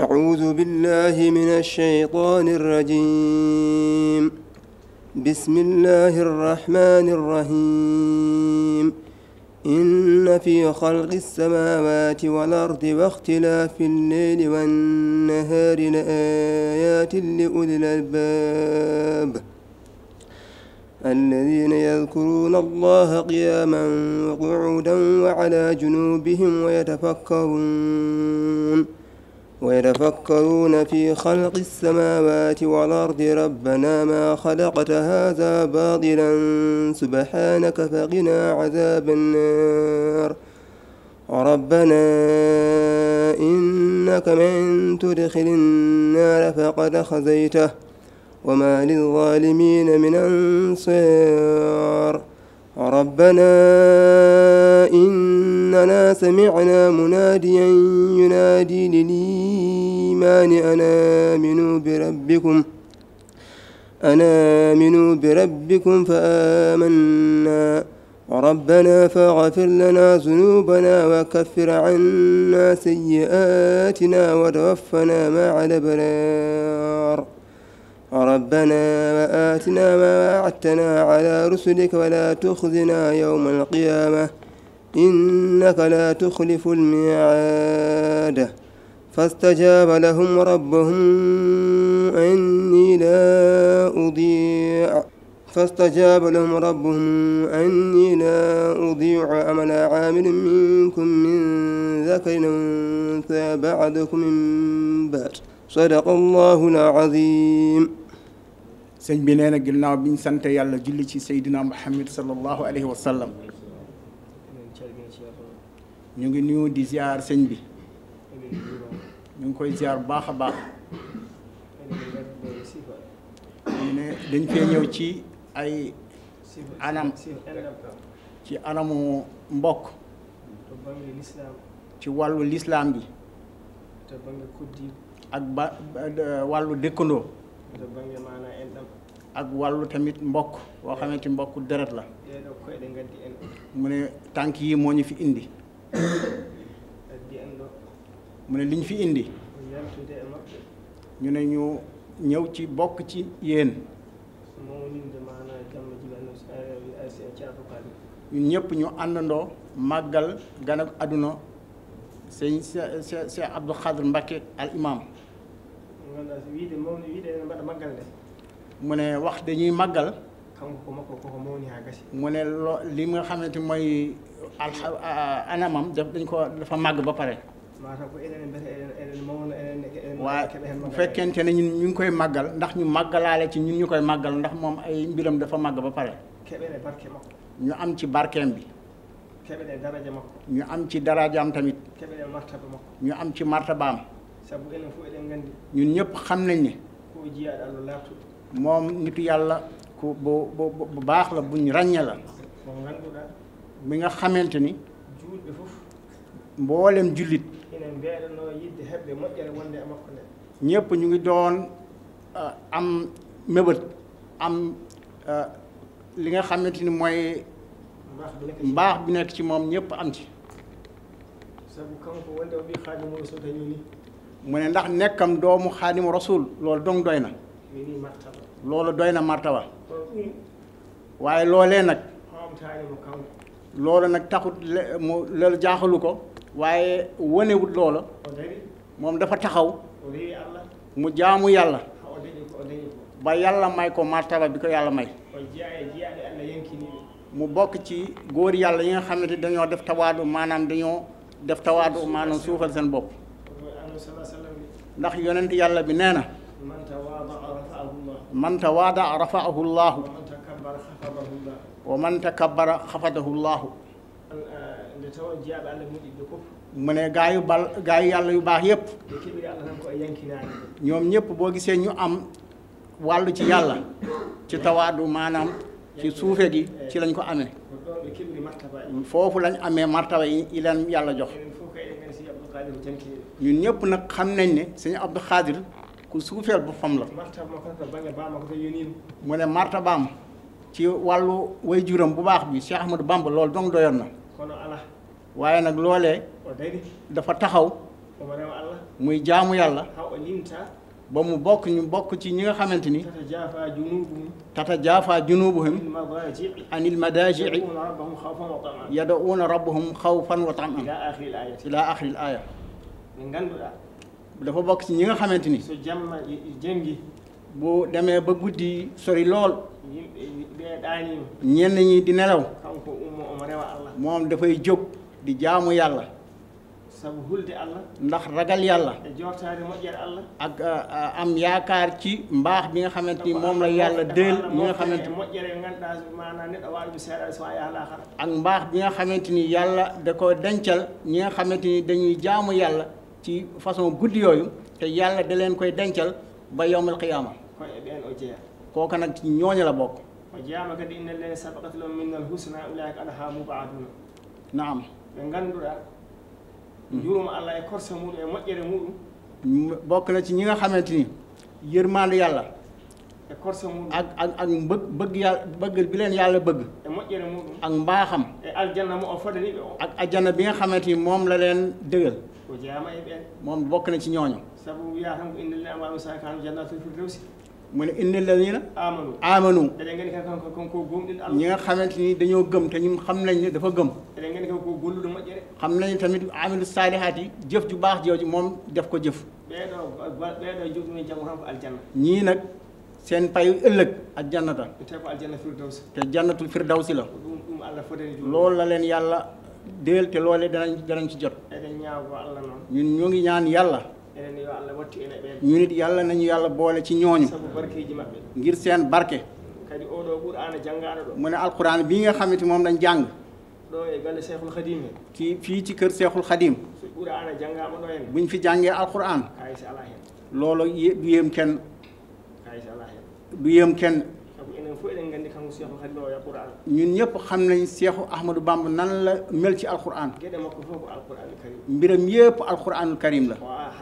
أعوذ بالله من الشيطان الرجيم بسم الله الرحمن الرحيم إن في خلق السماوات والأرض واختلاف الليل والنهار لآيات لأولي الألباب الذين يذكرون الله قياما وقعودا وعلى جنوبهم ويتفكرون ويتفكرون في خلق السماوات والأرض ربنا ما خلقت هذا باطلا سبحانك فقنا عذاب النار ربنا إنك من تدخل النار فقد خزيته وما للظالمين من أنصار ربنا إننا سمعنا مناديا ينادي للإيمان أنا آمنوا بربكم أنا آمنوا بربكم فآمنا ربنا فاغفر لنا ذنوبنا وكفر عنا سيئاتنا وتوفنا مع الأبرار ربنا وآتنا ما وعدتنا على رسلك ولا تخزنا يوم القيامة إنك لا تخلف الميعاد فاستجاب لهم ربهم أني لا أضيع فاستجاب لهم ربهم أني لا أضيع عمل عامل منكم من ذكر أنثى بعدكم من بعد صدق الله العظيم sëñ bi nee na ginnaaw bi ñu yàlla julli ci Seydina Muhammad sallallahu alayhi wa sallam ñu ngi nuyu di ziar sëñ bi ñu ngi koy ziar baax a baax dañ fee ñëw ci ay anam ci anamu mbokk ci wàllu lislaam bi ak ba wàllu dëkkandoo ak wàllu tamit mbokk boo xamante mbokk deret la mu ne tànk yi moo ñu fi indi mu ne liñ fi indi ñu ne ñu ñëw ci bokk ci yéen ñun ñëpp ñu àndandoo màggal gan ak àdduna sëñ Cheikh Abdou Khadr Mbacké al imam mu ne wax dañuy màggal mu ne loo li nga xamante mooy alxa anamam daf dañ ko dafa màgg ba pare waaye bu fekkente ne ñun ñu ngi koy màggal ndax ñu màggalaale ci ñu ñu koy màggal ndax moom ay mbiram dafa màgg ba pare ñu am ci barkeem bi ñu am ci darajaam tamit ñu am ci martabaam ñun ñëpp xam nañ ne moom nitu yàlla ku bu bu baax la buñ ràññe la mi nga xamante ni mboolem jullit ñëpp ñu ngi doon euh, am mébët am euh, li nga xamante ni mooy mbaax bi nekk ci moom ñëpp am ci sabu kanko wonde o ɓi haaju mum so dañoni mu ne ndax nekkam doomu xaadimu rasul loolu dong doy na loolu doy na martaba waaye loolee nag loolu nag taxut mu loolu jaaxalu ko waaye wanewut loola moom dafa taxaw mu jaamu yàlla ba yàlla may ko martaba bi ko yàlla may mu bokk ci góor yàlla yi nga xam ne dañoo def tawaadu maanaam dañoo def tawaadu maanaam suufal seen bopp ndax yonent yàlla bi nee na man tawaada rafaahu llaahu wa man takabbara xafadahu llaahu mu ne bal gaa yàlla yu baax yépp ñoom ñépp boo gisee ñu am wàllu ci yàlla ci tawaadu maanaam ci suufe gi ci lañ ko amee foofu lañ amee martaba yi leen yàlla jox ñun ñëpp nag xam nañ ne sëñ Abdou Khadir ku suufeel boppam la. mu ne marta baam ci wàllu way juram bu baax bi Cheikh Ahmadou Bamba loolu dong doyoon na. waaye nag loolee. dafa taxaw. muy jaamu yàlla. ba mu bokk ñu bokk ci ñi nga xamante ni tata jaafa junubuhum anil madajii yad'uuna rabbahum xawfan wa taman ila axiril aaya dafa bokk ci ñi nga xamante ni bu demee ba guddi sori lool ñenn ñi di nelaw moom dafay jóg di jaamu yàlla saabu ndax ragal yàlla e jortaade moƴƴere allah ak am yaakaar ci mbaax bi nga xamante ni moom la yàlla déel ñi nga xamante moƴƴere ngannduɗaa maanaam neɗɗo waawi ɗum seeɗa so yaa ak mbaax bi nga xamante ni yàlla da ko dencal ñi nga xamante ni dañuy jaamu yàlla ci façon guddi yooyu te yàlla da leen koy dencal ba yowmal qiyaama koy e ɓeen kooka nag ci la bokk o jeyaama Mm-hmm. juróom allah e korsa muɗum e bokk na ci ñi nga xamante ni yërmaandu yàlla e korsa ak ak ak mbëgg bëgg yàlla bëgg bi leen yàlla bëgg e moƴƴere ak mbaaxam e aljanna ak ajjana bi nga xamante ni moom la leen dëgal o jeeyama e moom bokk na ci ñooñu sabu wiya tan ko innalina amalu sakan jannatul firdawsi mu ne innal ladina amanu ñi nga xamante ni dañoo gëm te ñun xam nañ ne dafa gëm xam nañu tamit amilu saalihaat yi jëf ju baax jooju moom def ko jëf ñii nag seen payu ëllëg ak jannata te jannatul firdawsi la lool la leen yàlla déel te loolee danañ ci jot ñun ñoo ngi ñaan yàlla ñu nit yàlla nañu yàlla boole ci ñooñu ngir seen barke kadi oɗo mu ne alquran bii nga xamante moom dañ jàng ɗo e galle cheikhul khadim fii ci kër seexul khadim buñ fi jàngee al kaysi ala hen loolu du yéem kenn kaysi ala hen du yéem kenn ñun ñëpp xam nañ cheikhu ahmadou bamba nan la mel ci alquran gueɗe makko fof ko alquranul karim mbiram yëpp alquranul karim la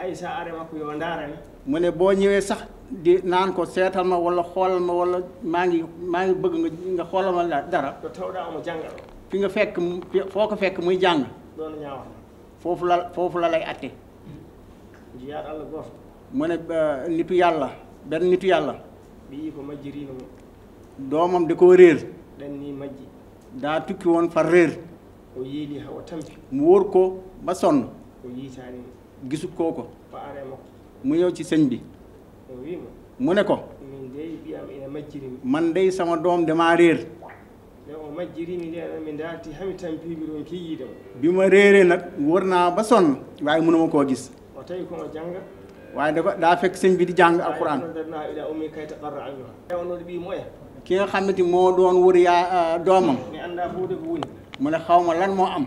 ay sa arema ko yo ndaarani mu ne boo ñëwee sax di naan ko seetal ma wala xoolal ma wala maa ngi maa ngi bëgg nga nga xoolal ma dara to tawɗa omo jàngal fi nga fekk foo ko fekk muy jàng loolu foofu la foofu la lay atte mu ne nitu yàlla benn nitu yàlla ɓiyi ko majji doomam da koo réer ni majji daa tukki woon fa réer o yiili mu wóor ko ba sonn gisul koko mu yow ci señ bi mu ne ko man day sama doom damaa réer bi ma réeree nag wër naa ba son way mu koo gis waaye da ko da fek señ bi di jang alquran ki nga xamante moo doon wër yaa doomam mu ne xawma lan mo am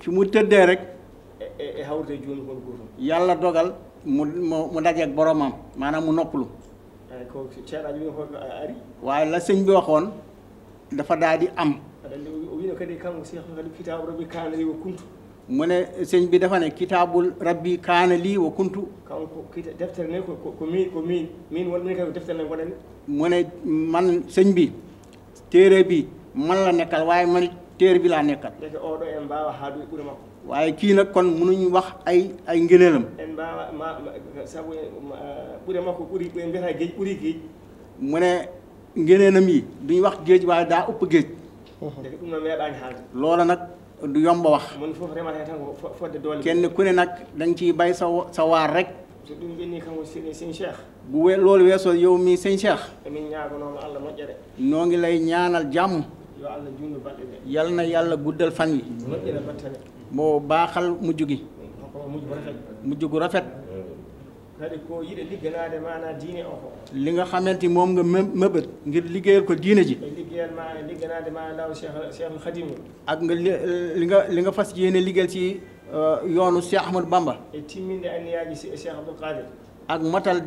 ci mu tëddee rek eh, eh, eh, yàlla dogal mu mu dajeeg boromam maanaam mu noppalu waaye la sëñ bi waxoon dafa daal di am ah, mu ne sëñ bi dafa ne kitaabul rabbi kaana lii wa kuntu mu ne man sëñ bi téere bi man la nekkal waaye man téere bi laa nekkal waaye kii nag kon munuñ wax ay ay ngëneelam mu ne ngëneelam yi duñ wax géej waaye daa upp géej loola nag du yomb wax kenn ku ne nag dañ ciy bay sa sa waar rek bu we loolu weesoo yow mi sëñ Cheikh noo ngi lay ñaanal jàmm yal na yàlla guddal fan yi moo baaxal mujj gi mujj gu rafet li nga xamante moom nga mëbët ngir liggéeyal ko diine ji ak nga li li nga li nga fas yéene liggéeyal ci euh, yoonu Cheikh Ahmadou Bamba e timminde anniyaji ak matal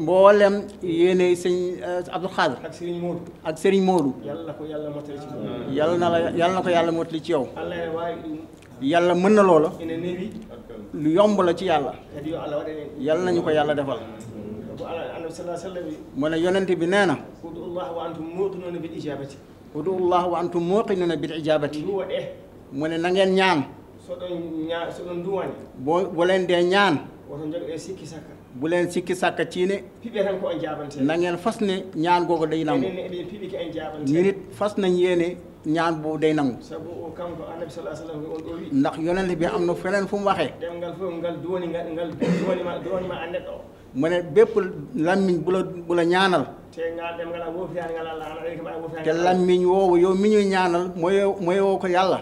mboolem yéene sëñ euh, Abdou Khadre ak Serigne Modou ak Serigne Modou yàlla na ko yàlla motali ci na la yàlla na ko yàlla motali ci yow yàlla mën na loola lu yomb la ci yàlla yàlla nañu ko yàlla defal mu ne yonent bi nee na udu allah wa antum muqinuna bil ijabati eh. mu ne na ngeen ñaan boo leen dee ñaan bu leen sikki sàkka ciine na ngeen fas ne ñaan googu day nangu ñu nit fas nañ yéene ñaan boobu day nangu ndax yonent bi am na feneen fu mu waxee mu ne bépp lammiñ bu la bu ñaanal te lammiñ woowu yow mi ñuy ñaanal mooy mooy woo ko yàlla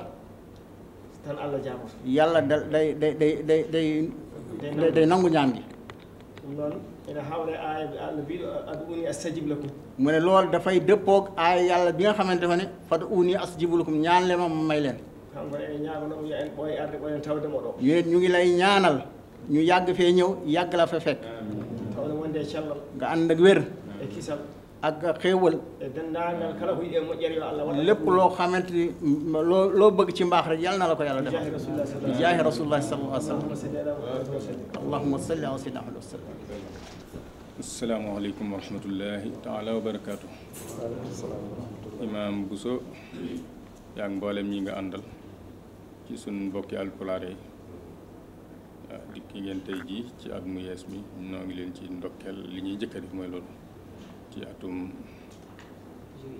yàlla da day day day day day nangu ñaan gi ɗum noon ene hawre aaya allah mbiɗo ad uni astajib lakum mu ne loolu dafay dëppoog aaya yàlla bi nga xamante dafa ne fad uni astajib lakum ñaan le ma ma may leen kanko e ñagonomo yo ñu ngi lay ñaanal ñu yàgg fee ñëw yàgg la fa fekk nga ànd ak wér ak xéewal lépp loo xamante ni loo loo bëgg ci mbaax rek yàlla na la ko yàlla defal bi jaahi rasulillah sallallahu alayhi wa sallam allahumma salli ala sayyidina Muhammad wa sallam asalaamaaleykum wa barakaatu imaam Bousso yaa ngi mboolem ñi nga àndal ci suñ mbokki alpulaar yi dikki ngeen tey jii ci at mu yees mi noo ngi leen ci ndokkeel li ñuy jëkka def mooy loolu ci atum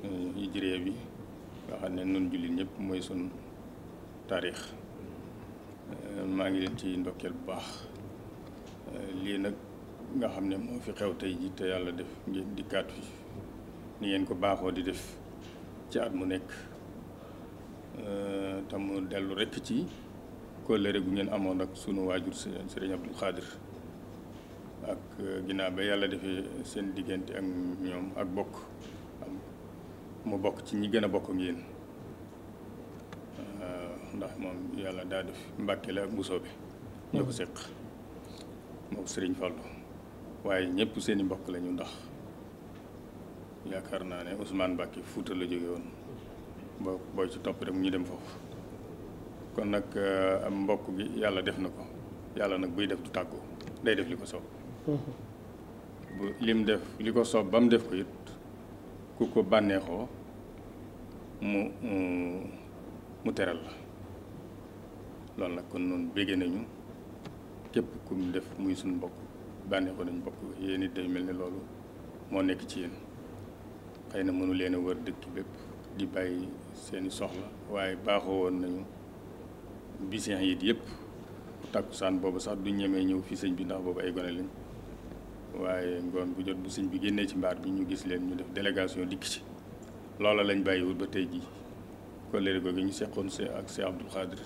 euh, hijriya bi nga xam ne nun jullit ñëpp mooy sun taarix euh, maa ngi leen ci ndokkeel bu baax euh, lii nag nga xam ne moo fi xew tey ji te yàlla def ngeen dikkaat fi ni ngeen ko baaxoo di def ci at mu nekk te mu dellu rekk ci kóllëre gu ngeen amoon ak sunu waajur sëriñ Abdul Xaadir ak euh, ginnaaw ba yàlla defee seen diggante ak ñoom ak bokk mu bokk ci ñi gën a bokk ak yéen euh, ndax moom yàlla daa def mbàkke la ak mbusoo bi ñoo ko mm-hmm. séq moom sëriñ Fallu waaye ñëpp seeni mbokk lañu ndax yaakaar naa ne Ousmane Mbàkke Fuuta la jóge woon boo booy ci topp rek ñu dem foofu kon nag euh, am mbokk gi yàlla def na ko yàlla nag buy def du tàggoo day def li ko soob bu lim def li ko soob ba mu def ko it ku ko bànneexoo mu mu teral la loolu nag kon noonu béggee nañu képp ku mu def muy suñ mbokk bànneexoo nañu bokk yéen it day mel ni loolu moo nekk ci yéen xëy na mënu leen a wër dëkk bépp di bàyyi seeni soxla waaye baaxoo woon nañu bisin yit yëpp takkusaan boobu sax du ñemee ñëw fi sëñ bi ndax boobu ay gone lañ waaye ngoon bu jot bu sëñ bi génnee ci mbaar bi ñu gis leen ñu def délégation dikk ci loola lañ bàyyiwul ba tey jii kolleere googu ñu seqoon se ak Cheikh Abdoul Khadir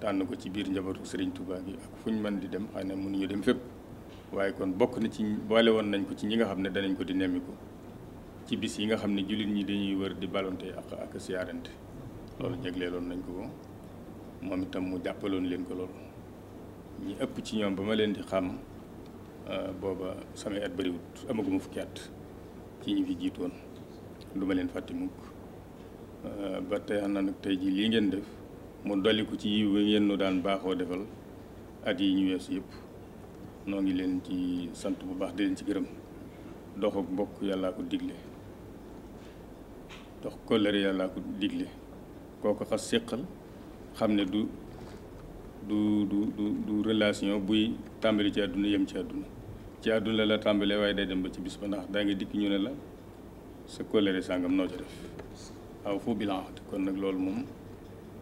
tànn ko ci biir njabootu Serigne Touba gi ak fu ñu mën di dem xëy na mënuñu dem fépp waaye kon bokk na ci boole woon nañ ko ci ñi nga xam ne danañ ko di nemmiku ci bis yi nga xam ne jullit ñi dañuy wër di balonte ak ak siyaarante loolu jagleeloon nañ ko moom itam mu jàppaloon leen ko loolu ëpp ci ñoom ba ma leen di xam. Euh, booba samay at bëriwut amaguma fukki at ci ñi fi jiitoon du leen fàtte mukk euh, ba tey na nag tey jii lii ngeen def mu ko ci yiw bi nu daan baaxoo defal at yi ñu weesu yépp noo ngi leen ci sant bu baax di leen ci gërëm dox ak mbokk yàllaa ko digle dox kóllëre yàllaa ko digle kooko xas séqal xam ne du du du du relation buy tàmbali ci àdduna yem ci àdduna ci àdduna la tàmbalee waaye day dem ba ci bis ba ndax daa ngi dikk ñu ne la sa kóllëre sàngam noo ci def aw foo bilan kon nag loolu moom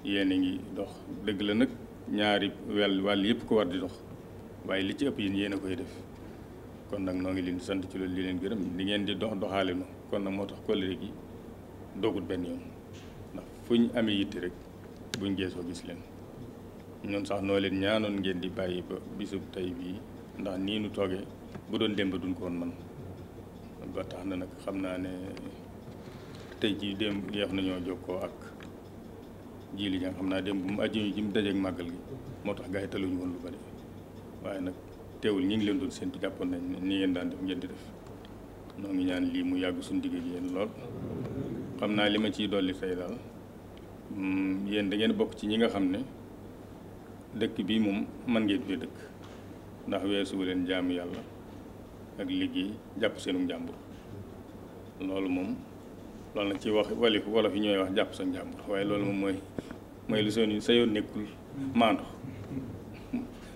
yéen a ngi dox dëgg la nag ñaari wel wàll yëpp ko war di dox waaye li ci ëpp yéen yéen a koy def kon nag noo ngi leen sant ci loolu li leen gërëm li ngeen di dox doxaale no kon nag moo tax kóllëre gi dogut benn yoon ndax fu ñu amee yitte rek buñ geesoo gis leen ñun sax noo leen ñaanoon ngeen di bàyyi ba bisub tey bii ndax nii nu toogee bu doon démb duñ ko man ba tax na nag xam naa ne tey jii démb yeex nañoo koo ak jii li nga xam naa démb bu mu àjjee ji mu dajeeg màggal gi moo tax gars yi nag teewul ñi ngi leen doon séntu jàppoon nañ ni daan def ngeen di def noo ngi ñaan lii mu yàgg suñu digg xam naa li ma ciy dolli tey daal mm, yéen da bokk ci ñi nga xam ne dëkk bii moom man ngeen fee dëkk ndax weesu leen jaamu yàlla ak liggéey japp senum jambour lolou mom lolou nag ci wax wali wala fi ñoy wax japp sa jambour way lolou mom moy moy lu soon sa yon nekul mando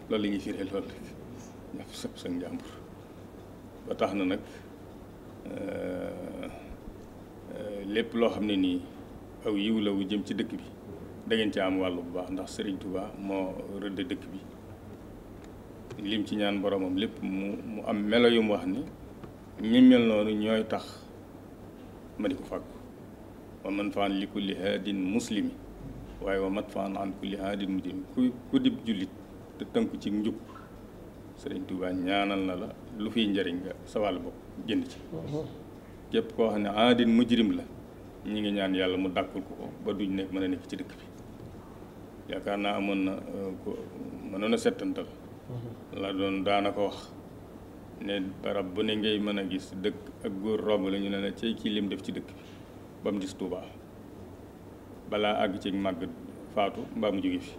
lolou li ñi firee loolu japp sa sa njàmbur ba tax na nag euh, lépp loo xam ne aw yiwla la wu jëm ci dëkk bi da ngeen ci am walu bu baax ndax Serigne Touba mo rëdd dëkk bi lim ci ñaan boromam lépp mu mu am melo yu mu wax ni ñu mel noonu ñooy tax ma di ko fàggu wa man faan li kulli haadin muslimi waaye wa mat faan an kulli haadin mujrimi ku ku dib jullit te tënku ci njub sëriñ Tuubaa ñaanal na la lu fiy njariñ nga sa wàll bopp jënd ci képp koo xam ne aadin mujrim la ñu ngi ñaan yàlla mu dàkkul ko ko ba duñ nekk mën a nekk ci dëkk bi yaakaar naa amoon na euh, mënoon a settantal la doon daanako wax ne barab bu ne ngay mën a gis dëkk ak góor romb lañu ñu ne la cey kii lim def ci dëkk ba mu gis Touba balaa àgg ci màgg faatu mbaa mu jóge fi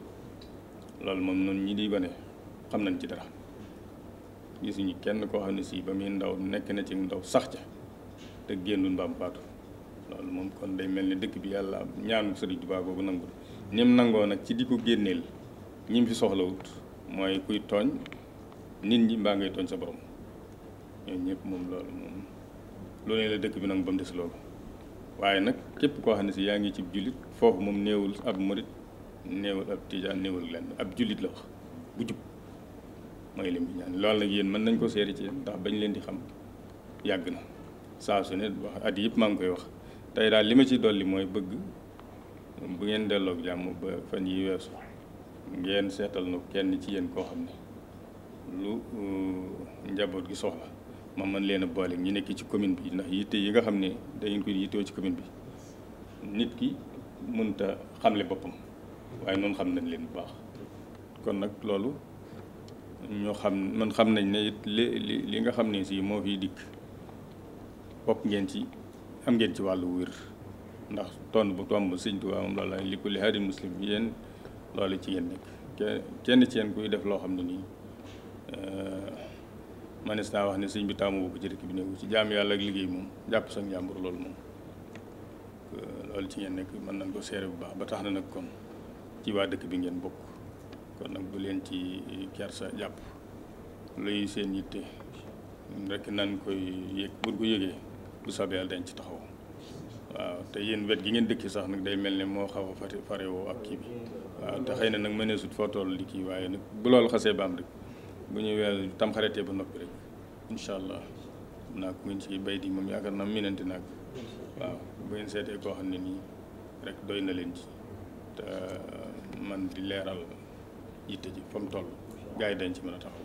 loolu moom noonu ñi di ba ne xam nañ ci dara gisuñu kenn koo xam ne si ba muy ndaw nekk na ci ndaw sax ca te génnul mbaam faatu loolu moom kon day mel ni dëkk bi yàlla ñaanu Sëriñ Tuubaa googu nangu ni mu nangoo nag ci di ko génneel ñi mu fi soxlawut mooy kuy tooñ nit ñi mbaa ngay tooñ sa borom ñooñu ñëpp moom loolu moom loolu la dëkk bi nag ba mu des loolu waaye nag képp koo xam ne si yaa ngi ci jullit foofu moom néewul ab murit néewul ab tijaan néewul lenn ab jullit la wax bu jub mooy lim bi ñaan loolu nag yéen mën nañ ko seeri ci yéen ndax bañ leen di xam yàgg na saa su ne at yëpp maa ngi koy wax tey daal li ma ci dolli mooy bëgg bu ngeen delloog jàmm ba fan yi weesu ngeen seetal na kenn ci yéen koo xam ne lu uh, njaboot gi soxla ma mën leen a boole ñu nekk ci commune bi ndax yitte yi nga xam ne da ngeen koy yittewoo ci commune bi nit ki mënta xamle boppam waaye noonu xam nañ leen bu baax kon nag loolu ñoo xam man xam nañ ne it li li nga xam ne si moo fiy dikk bokk ngeen ci am ngeen ci wàllu wér ndax tonn bu tomb sëñ Tuubaa moom loolu li ko li haadin muslim yéen loolu ci ngeen nekk kenn ceen kuy def loo xam ne nii euh, manis naa wax ne sëñ bi taamu ko ci dëkk bi néew ci jaam yàlla ak liggéey moom jàpp sa njàmbur loolu moom euh, loolu ci ngeen nekk mën nañ ko seere bu baax ba tax na nag kon ci waa dëkk bi ngeen bokk kon nag bu leen ci ker sa jàpp luy seen yitte rek nan koy yëg bu ko yëgee bu sabee yàlla dañ ci taxaw waaw te yéen wet gi ngeen dëkki sax nag day mel ne moo xaw a fare farewoo ak kii bi waaw te xëy na nag mëneesut foo toll di kii waaye nag bu loolu xasee ba am rek ba noppi rek incha allah naag mu ngi ciy bay di moom yaakaar naa minanti naag waaw bu ngeen seetee koo xam ne nii rek doy na leen ci te euh, man di leeral yitte ji fa mu gaa yi dañ ci mën a taxaw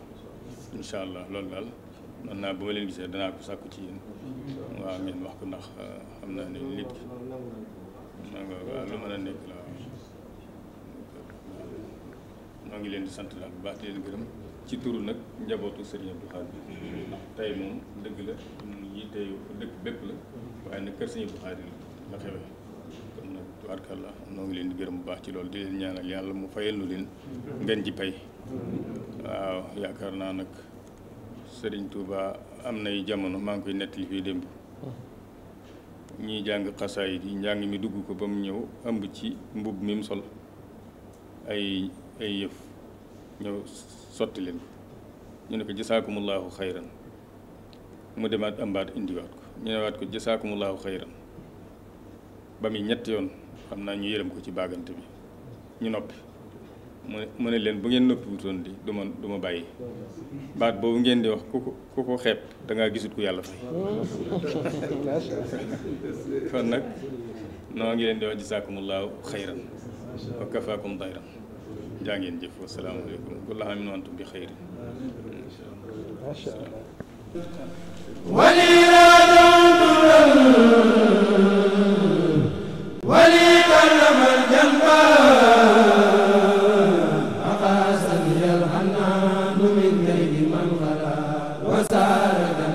incha allah loolu daal. man naa bu ma leen gisee danaa ko sàkku ci yéen waaw ngeen wax ko ndax euh, am naa ne nit ki waaw lu mën a nekk la maa ngi leen di sant la bu baax di leen gërëm ci turu nag njabootu Serigne Abdou Khadr tey moom dëgg la yi tey dëkk bépp la waaye nag kër Serigne Abdou Khadr la xewee kon nag tubaarkàlla noo ngi leen di gërëm bu baax ci loolu di leen ñaanal yàlla mu fayal nu leen ngeen ji pay waaw yaakaar naa nag sëriñ Touba am nay jamono maa ngi koy nettali fii démb ñuy jàng xasaayit yi njàng mi dugg ko ba mu ñëw ëmb ci mbub mi mu sol ay ay yëf ñëw sotti leen ñu ne ko jasaakumullahu xayran mu demaat ëmbaat indiwaat ko ñu newaat ko jasaakumullahu xayran ba muy ñett yoon xam naa ñu yërëm ko ci baagante bi ñu noppi mu ne leen bu ngeen noppiwutoon di du ma du ma bàyyi baat boobu ngeen di wax ku ko ku ko xeeb da gisut ku yàlla fay kon nag noo ngi leen di wax jasaakumullaahu xayran wa kafaakum dayran jaa ngeen jëf wa salaamualeykum kullu aamin wa sarada